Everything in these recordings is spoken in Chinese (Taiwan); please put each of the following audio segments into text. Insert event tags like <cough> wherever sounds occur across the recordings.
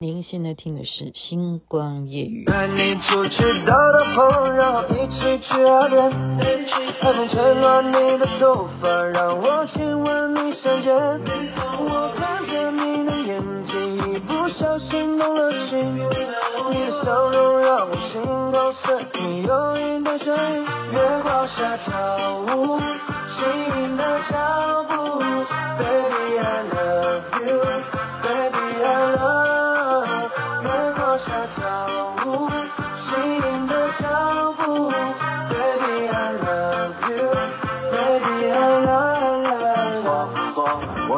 您現在聽的是星光夜語，帶你出去兜兜風，然後一起去海邊，海風吹亂你的頭髮，讓我親吻你香肩。我，我看着你的眼睛，一不小心動了情。你的笑容讓我心動，思念你有一點眩暈。月光下跳舞輕盈的腳步 b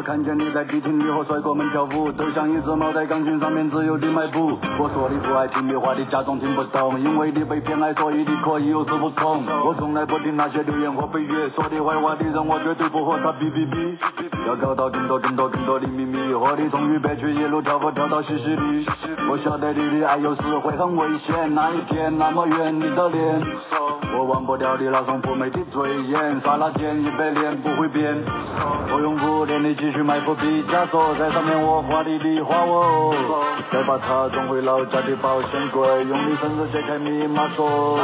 我看見你在迪廳裡和帥哥們跳舞，就像一隻貓在鋼琴上面自由的邁步。我說你不愛聽的話，你假裝聽不懂，因為你被偏愛，所以你可以有恃無恐。我從來不聽那些流言和蜚語，說你壞話的人，我絕對不和他比比比。要搞到更多更多更多，更多的秘密，和你從渝北區一路跳過跳到西西里。我曉得你的愛有時會很危險，那一天那麼遠，你的臉。我忘不掉你那雙嫵媚的醉眼，剎那間一百年不會變。我用五年的記。繼續買不起畢加索，在上面我畫你你畫我，再把它裝回老家的保險櫃，用你生日解開密碼鎖。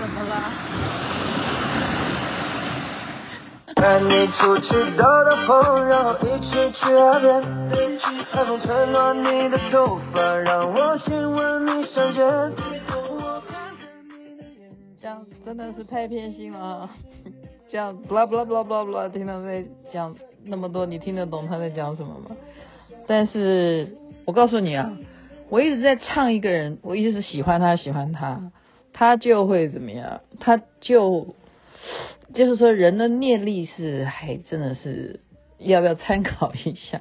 怎麼了？帶你出去兜兜風，然後一起去海邊。一起海風吹亂你的頭髮，讓我親吻你香肩。真的是太偏心了，這樣，blah blah blah blah blah，聽到在講那麼多，你聽得懂他在講什麼嗎？但是我告訴你啊，我一直在唱一個人，我一直是喜歡他，喜歡他，他就會怎麼樣？他就就是說人的念力是還真的是要不要參考一下？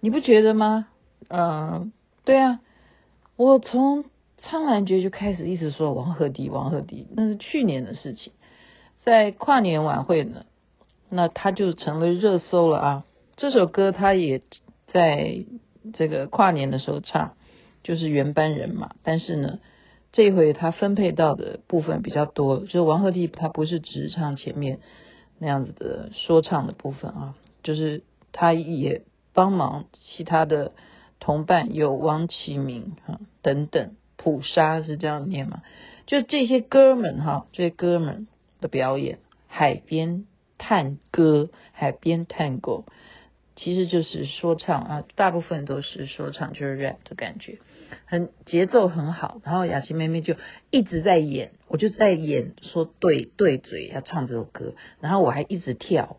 你不覺得嗎？嗯，對啊，我從。蒼蘭訣就開始一直說王鶴棣、王鶴棣，那是去年的事情，在跨年晚會呢，那他就成了熱搜了啊！這首歌他也在這個跨年的時候唱，就是原班人馬，但是呢，這回他分配到的部分比較多，就是王鶴棣他不是只唱前面那樣子的說唱的部分啊，就是他也幫忙其他的同伴，有王啟明啊等等。捕鯊是這樣念嗎？就這些哥們哈，這些哥們的表演，海邊探戈，海邊探戈，其實就是說唱啊，大部分都是說唱，就是 rap 的感覺，很節奏很好。然後雅琪妹妹就一直在演，我就在演，說對對嘴要唱這首歌，然後我還一直跳，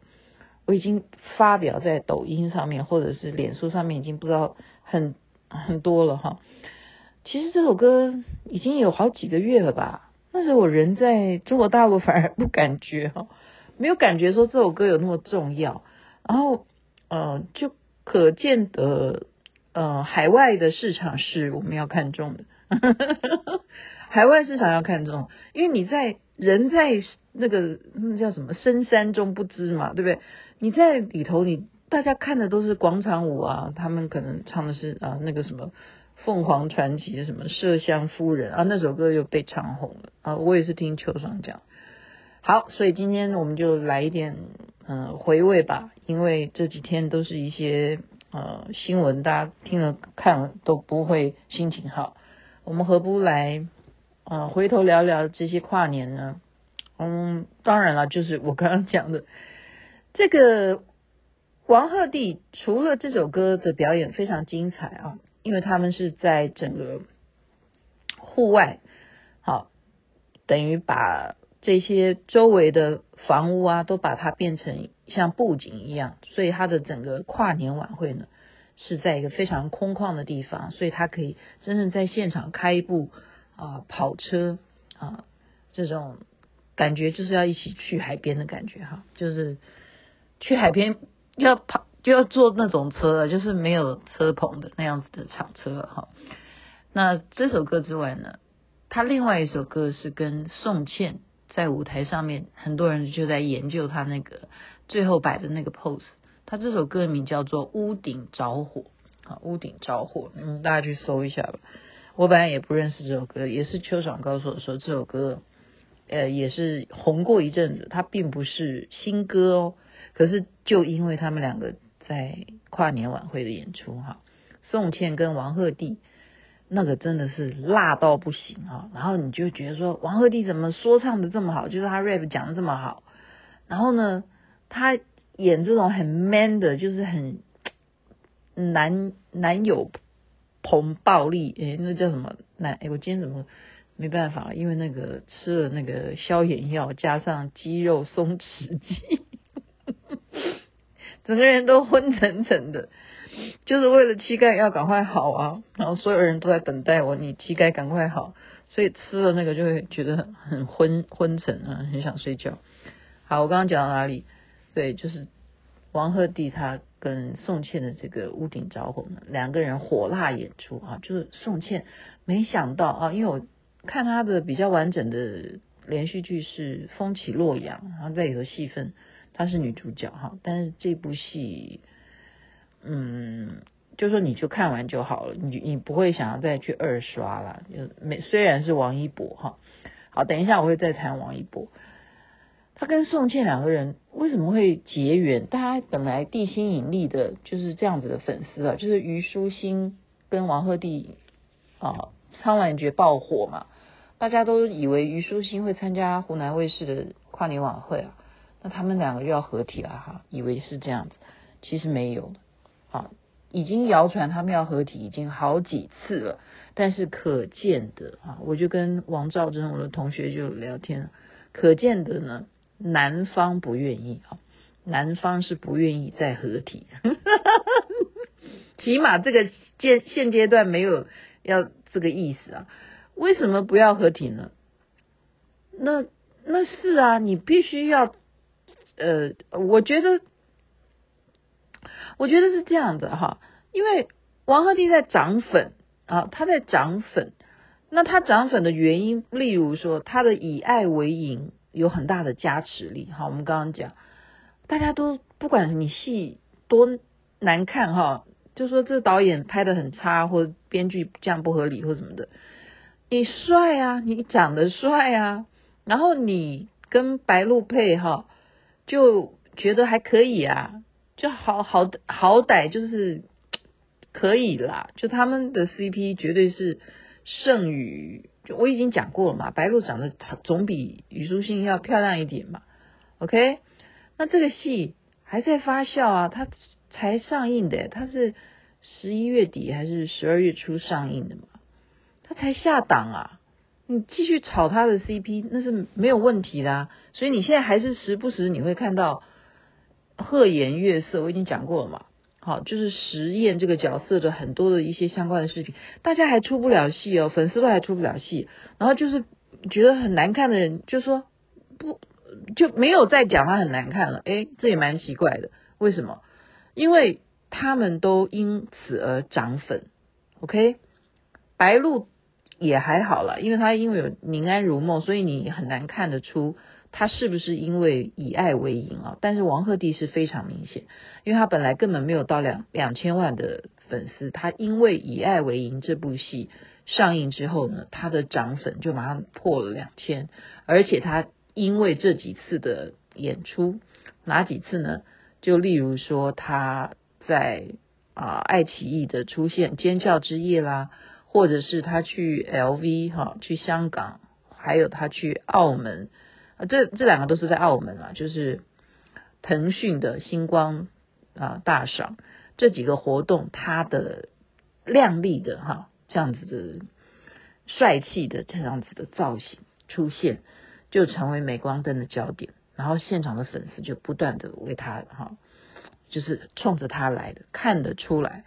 我已經發表在抖音上面或者是臉書上面，已經不知道很很多了哈。其實這首歌已經有好幾個月了吧？那時候我人在中國大陸反而不感覺哈、哦，沒有感覺說這首歌有那麼重要。然後呃，就可見的呃，海外的市場是我們要看中的， <laughs> 海外市場要看中，因為你在人在那個那、嗯、叫什麼深山中不知嘛，對不對？你在裡頭你，你大家看的都是廣場舞啊，他們可能唱的是啊、呃、那個什麼。鳳凰傳奇的什麼《麝香夫人》啊，那首歌又被唱紅了啊！我也是聽秋爽講。好，所以今天我們就來一點嗯、呃、回味吧，因為這幾天都是一些呃新聞，大家聽了看了都不會心情好。我們何不來啊、呃、回頭聊聊這些跨年呢？嗯，當然了，就是我剛剛講的這個王鶴棣，除了這首歌的表演非常精彩啊。因為他們是在整個戶外，好，等於把這些周圍的房屋啊，都把它變成像布景一樣，所以它的整個跨年晚會呢是在一個非常空曠的地方，所以他可以真正在現場開一部啊跑車啊、呃、這種感覺就是要一起去海邊的感覺哈，就是去海邊要跑，就要坐那種車了，就是沒有車棚的那樣子的敞車哈。那這首歌之外呢，他另外一首歌是跟宋茜在舞台上面，很多人就在研究他那個最後擺的那個 pose。他這首歌名叫做《屋頂着火》啊，《屋頂着火》，嗯，大家去搜一下吧。我本來也不認識這首歌，也是邱爽告訴我說這首歌，呃，也是紅過一陣子。它並不是新歌哦，可是就因為他們兩個。在跨年晚會的演出哈，宋茜跟王鶴棣那個真的是辣到不行啊。然後你就覺得說，王鶴棣怎麼說唱的這麼好，就是他 rap 講的這麼好。然後呢，他演這種很 man 的，就是很男男友彭暴力，誒，那叫什麼男？誒，我今天怎麼沒辦法了？因為那個吃了那個消炎藥，加上肌肉鬆弛劑。整個人都昏沉沉的，就是為了膝蓋要趕快好啊，然後所有人都在等待我，你膝蓋趕快好，所以吃了那個就會覺得很昏昏沉啊，很想睡覺。好，我剛剛講到哪裡？對，就是王鶴棣他跟宋茜的這個屋頂着火呢，兩個人火辣演出啊，就是宋茜沒想到啊，因為我看他的比較完整的連續劇是《風起洛陽》，然後在裡頭戲份，她是女主角哈，但是這部戲，嗯，就說你就看完就好了，你你不會想要再去二刷了。就沒，雖然是王一博哈，好，等一下我會再談王一博。他跟宋茜兩個人為什麼會結緣？大家本來棣欣引力的就是這樣子的粉絲啊，就是虞書欣跟王鶴棣啊，《蒼蘭訣》爆火嘛，大家都以為虞書欣會參加湖南衛視的跨年晚會啊。那他們兩個又要合體了哈，以為是這樣子，其實沒有，好，已經謠傳他們要合體已經好幾次了，但是可見的啊，我就跟王兆珍我的同學就聊天，可見的呢，男方不願意啊，男方是不願意再合體，呵呵，起碼這個階現，現階段沒有要這個意思啊，為什麼不要合體呢？那那是啊，你必須要。呃，我覺得，我覺得是這樣的哈，因為王鶴棣在漲粉啊，他在漲粉。那他漲粉的原因，例如說他的以愛為營有很大的加持力哈。我們剛剛講，大家都不管你戲多難看哈，就說這導演拍的很差，或編劇這樣不合理或什麼的，你帥啊，你長得帥啊，然後你跟白鹿配哈。就覺得還可以啊，就好好好歹就是可以啦，就他們的 CP 絕對是勝於，就我已經講過了嘛，白鹿長得總比虞書欣要漂亮一點嘛，OK？那這個戲還在發酵啊，它才上映的，欸，它是十一月底還是十二月初上映的嘛？它才下檔啊。你繼續炒他的 CP，那是沒有問題的啊。所以你現在還是時不時你會看到和顏悅色，我已經講過了嘛。好，就是實驗這個角色的很多的一些相關的視頻，大家還出不了戲哦，粉絲都還出不了戲。然後就是覺得很難看的人，就說不就沒有再講他很難看了？哎，這也蠻奇怪的，為什麼？因為他們都因此而漲粉。OK，白鹿。也還好了，因為他因為有《寧安如夢》，所以你很難看得出他是不是因為以愛為營啊。但是王鶴棣是非常明顯，因為他本來根本沒有到兩兩千萬的粉絲，他因為《以愛為營》這部戲上映之後呢，他的漲粉就馬上破了兩千，而且他因為這幾次的演出，哪幾次呢？就例如說他在啊、呃、愛奇藝的出現《尖叫之夜》啦。或者是他去 LV 哈、哦，去香港，還有他去澳門，啊，這這兩個都是在澳門啊，就是騰訊的星光啊大賞這幾個活動，他的靚麗的哈、哦、這樣子的帥氣的這樣子的造型出現，就成為鎂光燈的焦點，然後現場的粉絲就不斷的為他哈、哦，就是衝着他來的，看得出來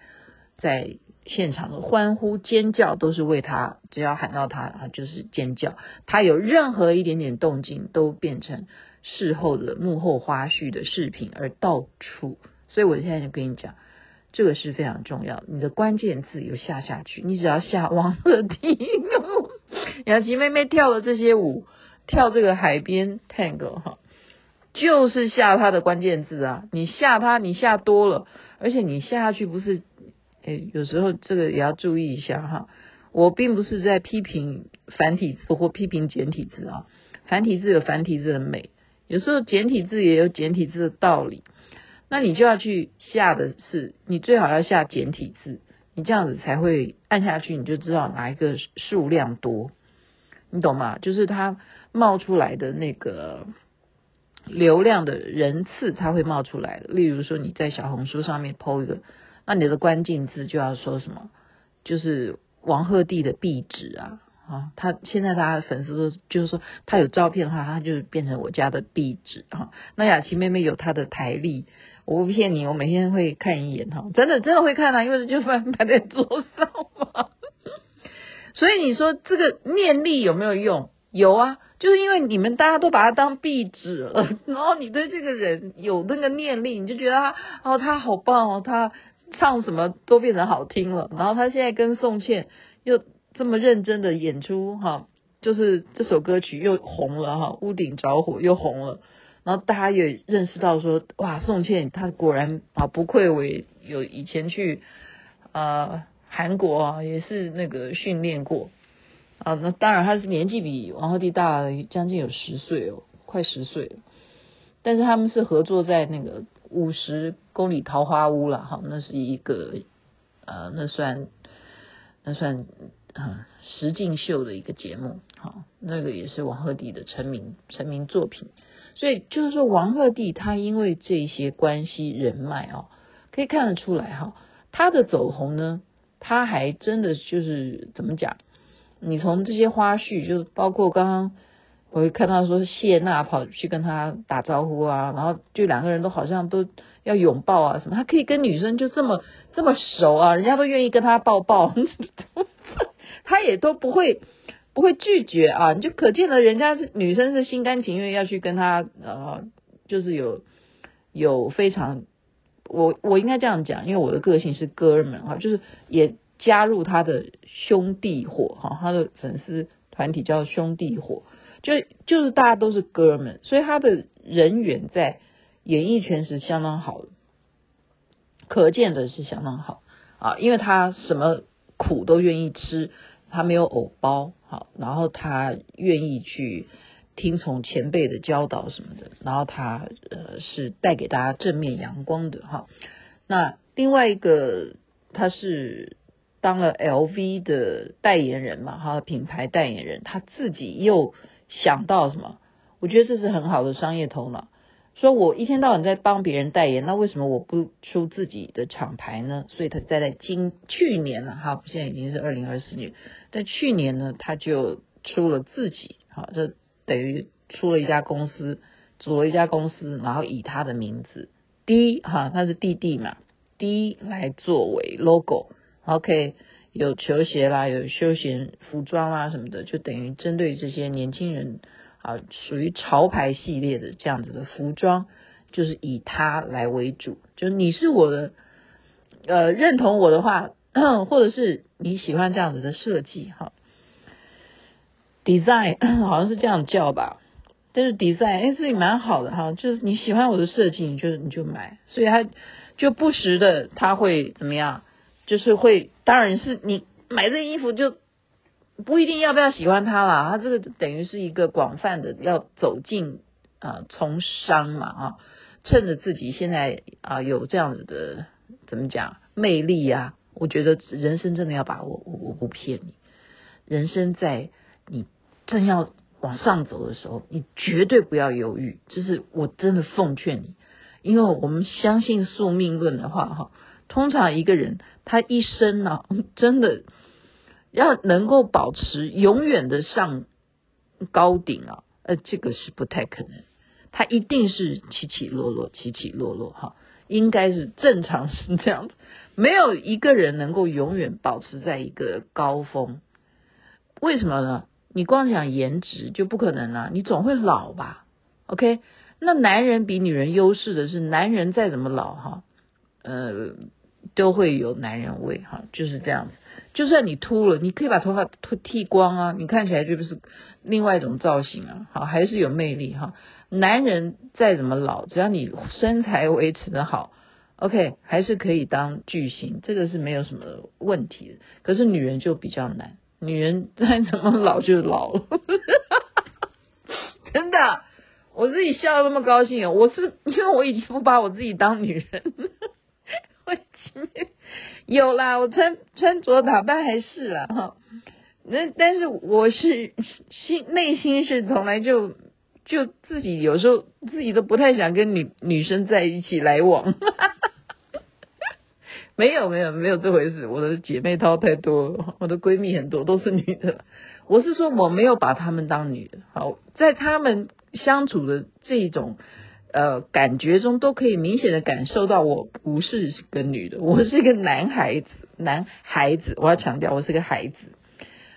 在。現場的歡呼尖叫都是為他，只要喊到他，就是尖叫。他有任何一點點動靜，都變成事後的幕後花絮的視頻，而到處。所以我現在就跟你講，這個是非常重要。你的關鍵字有下下去，你只要下王鶴棣、 <laughs> 雅琪妹妹跳的這些舞，跳這個海邊 tango 哈，就是下他的關鍵字啊。你下他，你下多了，而且你下下去不是。欸，有時候這個也要注意一下哈，我並不是在批評繁體字或批評簡體字啊，繁體字有繁體字的美，有時候簡體字也有簡體字的道理。那你就要去下的是，你最好要下簡體字，你這樣子才會按下去，你就知道哪一個數量多，你懂嗎？就是它冒出來的那個流量的人次，它會冒出來的。例如說，你在小紅書上面 po 一個。那你的關鍵字就要說什麼？就是王鶴棣的壁紙啊，啊，他現在他粉絲都就是說，他有照片的話，他就變成我家的壁紙哈、啊。那雅琪妹妹有她的台曆，我不騙你，我每天會看一眼哈，真的真的會看啊，因為就放擺在桌上嘛。所以你說這個念力有沒有用？有啊，就是因為你們大家都把它當壁紙了，然後你對這個人有那個念力，你就覺得他哦，他好棒哦，他。唱什麼都變成好聽了，然後他現在跟宋茜又這麼認真的演出，哈、啊，就是這首歌曲又紅了，哈、啊，屋頂着火又紅了，然後大家也認識到說，哇，宋茜她果然啊不愧為有以前去啊、呃、韓國啊也是那個訓練過啊，那當然他是年紀比王鶴棣大將近有十歲哦，快十歲了，但是他們是合作在那個。五十公里桃花塢了哈，那是一個呃，那算那算嗯實境秀的一個節目，哈。那個也是王鶴棣的成名成名作品。所以就是說，王鶴棣他因為這些關係人脈哦，可以看得出來哈、哦，他的走紅呢，他還真的就是怎麼講？你從這些花絮，就包括剛剛。我會看到說謝娜跑去跟他打招呼啊，然後就兩個人都好像都要擁抱啊什麼，他可以跟女生就這麼這麼熟啊，人家都願意跟他抱抱，呵呵他也都不會不會拒絕啊，你就可見得人家是女生是心甘情願要去跟他呃，就是有有非常，我我應該這樣講，因為我的個性是哥們哈，就是也加入他的兄弟伙哈，他的粉絲團體叫兄弟伙。就就是大家都是哥們，所以他的人緣在演藝圈是相當好，可見的是相當好啊，因為他什麼苦都願意吃，他沒有偶包好、啊，然後他願意去聽從前輩的教導什麼的，然後他呃是帶給大家正面陽光的哈、啊。那另外一個他是當了 LV 的代言人嘛哈、啊，品牌代言人，他自己又。想到什麼？我覺得這是很好的商業頭腦。說我一天到晚在幫別人代言，那為什麼我不出自己的廠牌呢？所以他在在今去年了、啊、哈，現在已經是二零二四年，但去年呢，他就出了自己，哈、啊，就等於出了一家公司，組了一家公司，然後以他的名字 D 哈、啊，他是弟弟嘛，D 來作為 logo，OK、OK。有球鞋啦，有休閒服裝啦什麼的，就等於針對這些年輕人啊，屬於潮牌系列的這樣子的服裝，就是以他來為主。就你是我的，呃，認同我的話，或者是你喜歡這樣子的設計，哈，design 好像是這樣叫吧？但是 design 哎、欸，這也蠻好的哈，就是你喜歡我的設計，你就你就買，所以他就不時的他會怎麼樣？就是會，當然是你買這衣服就不一定要不要喜歡它啦。它這個等於是一個廣泛的要走進啊、呃、從商嘛啊、哦，趁着自己現在啊、呃、有這樣子的怎麼講魅力啊，我覺得人生真的要把握，我我，我不騙你，人生在你正要往上走的時候，你絕對不要猶豫，就是我真的奉勸你，因為我們相信宿命論的話哈。哦通常一個人他一生呢、啊,真的要能夠保持永遠的上高頂啊，呃，這個是不太可能。他一定是起起落落，起起落落哈，應該是正常是這樣子。沒有一個人能夠永遠保持在一個高峰，為什麼呢？你光想顏值就不可能了、啊，你總會老吧？OK，那男人比女人優勢的是，男人再怎麼老哈，呃。都會有男人味哈，就是這樣子。就算你禿了，你可以把頭髮剃光啊，你看起來就不是另外一種造型啊，好還是有魅力哈。男人再怎麼老，只要你身材維持得好，OK 還是可以當巨星，這個是沒有什麼問題的。可是女人就比較難，女人再怎麼老就老了， <laughs> 真的，我自己笑得那麼高興，我是因為我已經不把我自己當女人。 <laughs> 有啦，我穿穿着打扮還是啦。哈，那但是我是心內心是從來就就自己有時候自己都不太想跟女女生在一起來往， <laughs> 沒有沒有沒有這回事，我的姐妹淘太多，我的閨蜜很多都是女的，我是說我沒有把她們當女的，好在她們相處的這種。呃，感覺中都可以明顯的感受到，我不是個女的，我是一個男孩子，男孩子，我要強調，我是個孩子。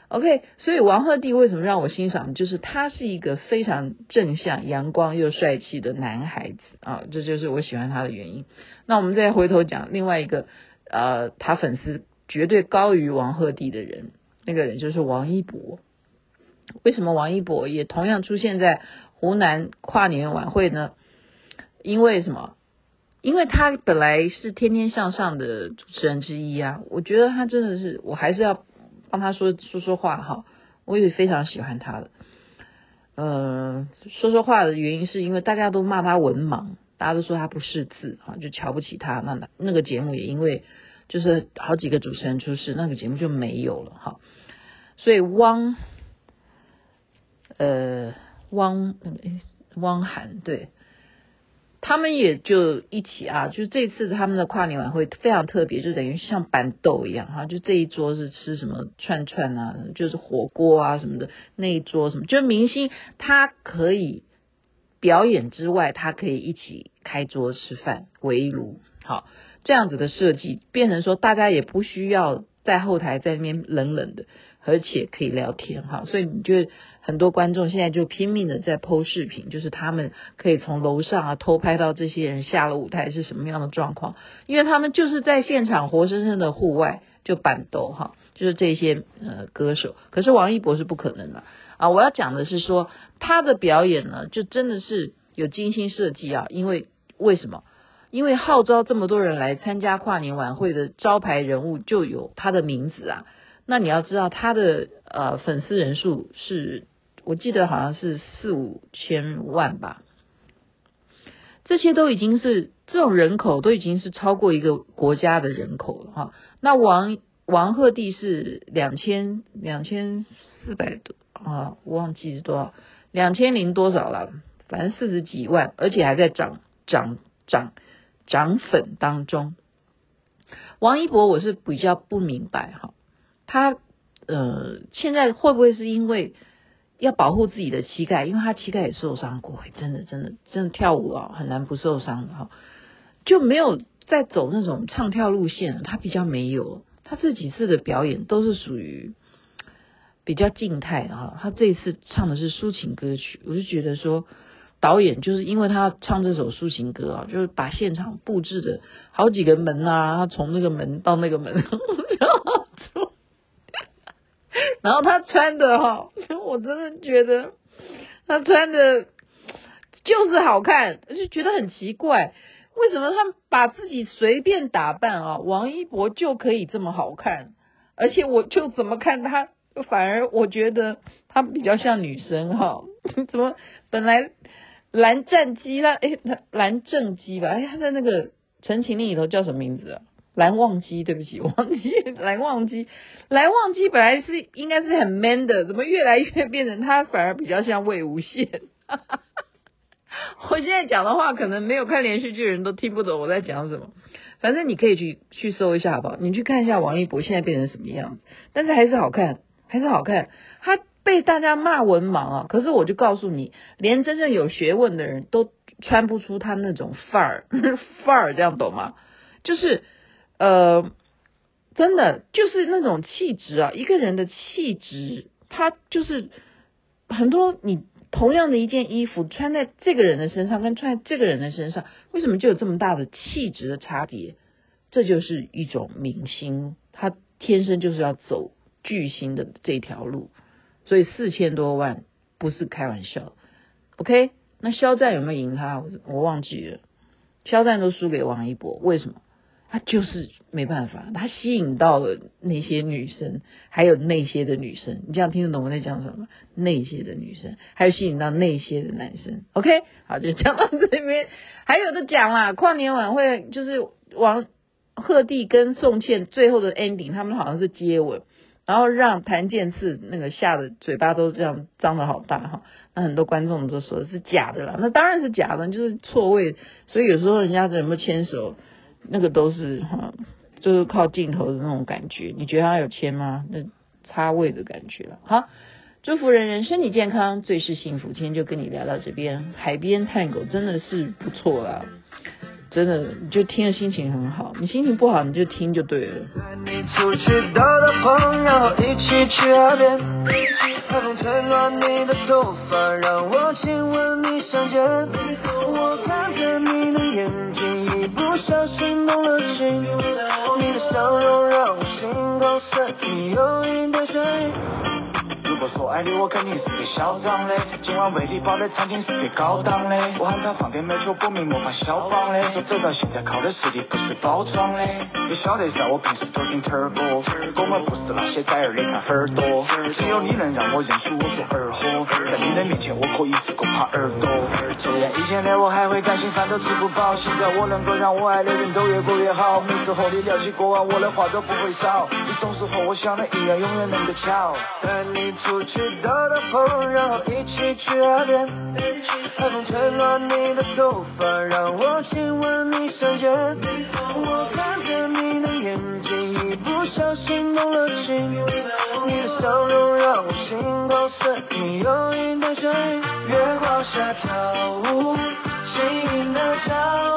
OK，所以王鶴棣為什麼讓我欣賞，就是他是一個非常正向、陽光又帥氣的男孩子啊，這就是我喜歡他的原因。那我們再回頭講另外一個，呃，他粉絲絕對高於王鶴棣的人，那個人就是王一博。為什麼王一博也同樣出現在湖南跨年晚會呢？因為什麼？因為他本來是《天天向上》的主持人之一啊，我覺得他真的是，我還是要幫他說說說話哈。我也非常喜歡他的。嗯、呃，說說話的原因是因為大家都罵他文盲，大家都說他不識字啊，就瞧不起他。那那那個節目也因為就是好幾個主持人出事，那個節目就沒有了哈。所以汪呃汪那汪涵對。他們也就一起啊，就這次他們的跨年晚會非常特別，就等於像辦桌一樣哈，就這一桌是吃什麼串串啊，就是火鍋啊什麼的，那一桌什麼，就是明星他可以表演之外，他可以一起開桌吃飯圍爐，好這樣子的設計，變成說大家也不需要在後台在那邊冷冷的。而且可以聊天哈，所以你覺得很多觀眾現在就拼命的在 po 視頻，就是他們可以從樓上啊偷拍到這些人下了舞台是什麼樣的狀況，因為他們就是在現場活生生的戶外就板斗哈，就是這些呃歌手，可是王一博是不可能的啊。我要講的是說他的表演呢，就真的是有精心設計啊，因為為什麼？因為號召這麼多人來參加跨年晚會的招牌人物就有他的名字啊。那你要知道他的呃粉絲人數是，我記得好像是四五千萬吧，這些都已經是這種人口都已經是超過一個國家的人口了哈。那王王鶴棣是兩千兩千四百多啊，我忘記是多少，兩千零多少了，反正四十幾萬，而且還在漲漲漲漲粉當中。王一博我是比較不明白哈。他呃，現在會不會是因為要保護自己的膝蓋？因為他膝蓋也受傷過，真的，真的，真的跳舞哦，很難不受傷的、哦、哈。就沒有在走那種唱跳路線，他比較沒有。他這幾次的表演都是屬於比較靜態的哈、哦。他這一次唱的是抒情歌曲，我就覺得說導演就是因為他唱這首抒情歌啊、哦，就是把現場布置的好幾個門啊，從那個門到那個門。然後然後他穿的哈、哦，我真的覺得他穿的就是好看，就覺得很奇怪，為什麼他把自己隨便打扮啊，王一博就可以這麼好看？而且我就怎麼看他，反而我覺得他比較像女生哈、哦。怎麼本來藍湛機，他哎藍藍正機吧？哎，他在那個《陳情令》裡頭叫什麼名字啊？藍忘機，對不起，忘記藍忘機，藍忘機本來是應該是很 man 的，怎麼越來越變成他反而比較像魏無羨？哈哈哈。我現在講的話，可能沒有看連續劇的人都聽不懂我在講什麼。反正你可以去去搜一下好不好？你去看一下王一博現在變成什麼樣子，但是還是好看，還是好看。他被大家罵文盲啊，可是我就告訴你，連真正有學問的人都穿不出他那種範兒範兒，這樣懂嗎？就是。呃，真的就是那種氣質啊，一個人的氣質，他就是很多你同樣的一件衣服穿在這個人的身上，跟穿在這個人的身上，為什麼就有這麼大的氣質的差別？這就是一種明星，他天生就是要走巨星的這條路，所以四千多萬不是開玩笑。OK，那肖戰有沒有贏他？我我忘記了，肖戰都輸給王一博，為什麼？他就是沒辦法，他吸引到了那些女生，還有那些的女生，你這樣聽得懂我在講什麼？那些的女生，還有吸引到那些的男生。OK，好，就講到這邊。還有的講啦，跨年晚會就是王鶴棣跟宋茜最後的 ending，他們好像是接吻，然後讓檀健次那個嚇得嘴巴都這樣張得好大哈。那很多觀眾都說是假的啦，那當然是假的，就是錯位。所以有時候人家怎麼牽手？那個都是哈，就是靠鏡頭的那種感覺。你覺得他有親嗎？那插位的感覺了。好，祝福人人身體健康，最是幸福。今天就跟你聊到這邊，海邊探狗真的是不錯啦。真的你就聽的心情很好。你心情不好，你就聽就對了。你到的朋友，一起去海邊，海風吹亂你的頭髮，你，我我親吻你想我看着你的心動的情，你的笑容讓我心曠神怡，有一點眩暈我說愛你，我肯定是最囂張的。今晚為你包的餐廳是最高檔的。我喊他放點美酒，不明莫法消防的。說走到現在靠的實力不是包裝的。你曉得噻，我平時都聽兒歌，哥們不是那些崽兒的看耳朵，只有你能讓我認出我是個二貨。在你的面前我可以只個怕耳朵。在以前的我還會擔心飯都吃不飽，現在我能夠讓我愛的人都越過越好。每次和你聊起過往，我的話都不會少。你總是和我想的一樣，永遠那麼巧。和你。不知道的風，然後一起去海邊。海風吹亂你的頭髮，讓我親吻你香肩。我看着你的眼睛，一不小心動了情。你的笑容讓我心曠神怡。你有你的聲音，月光下跳舞，輕盈的腳。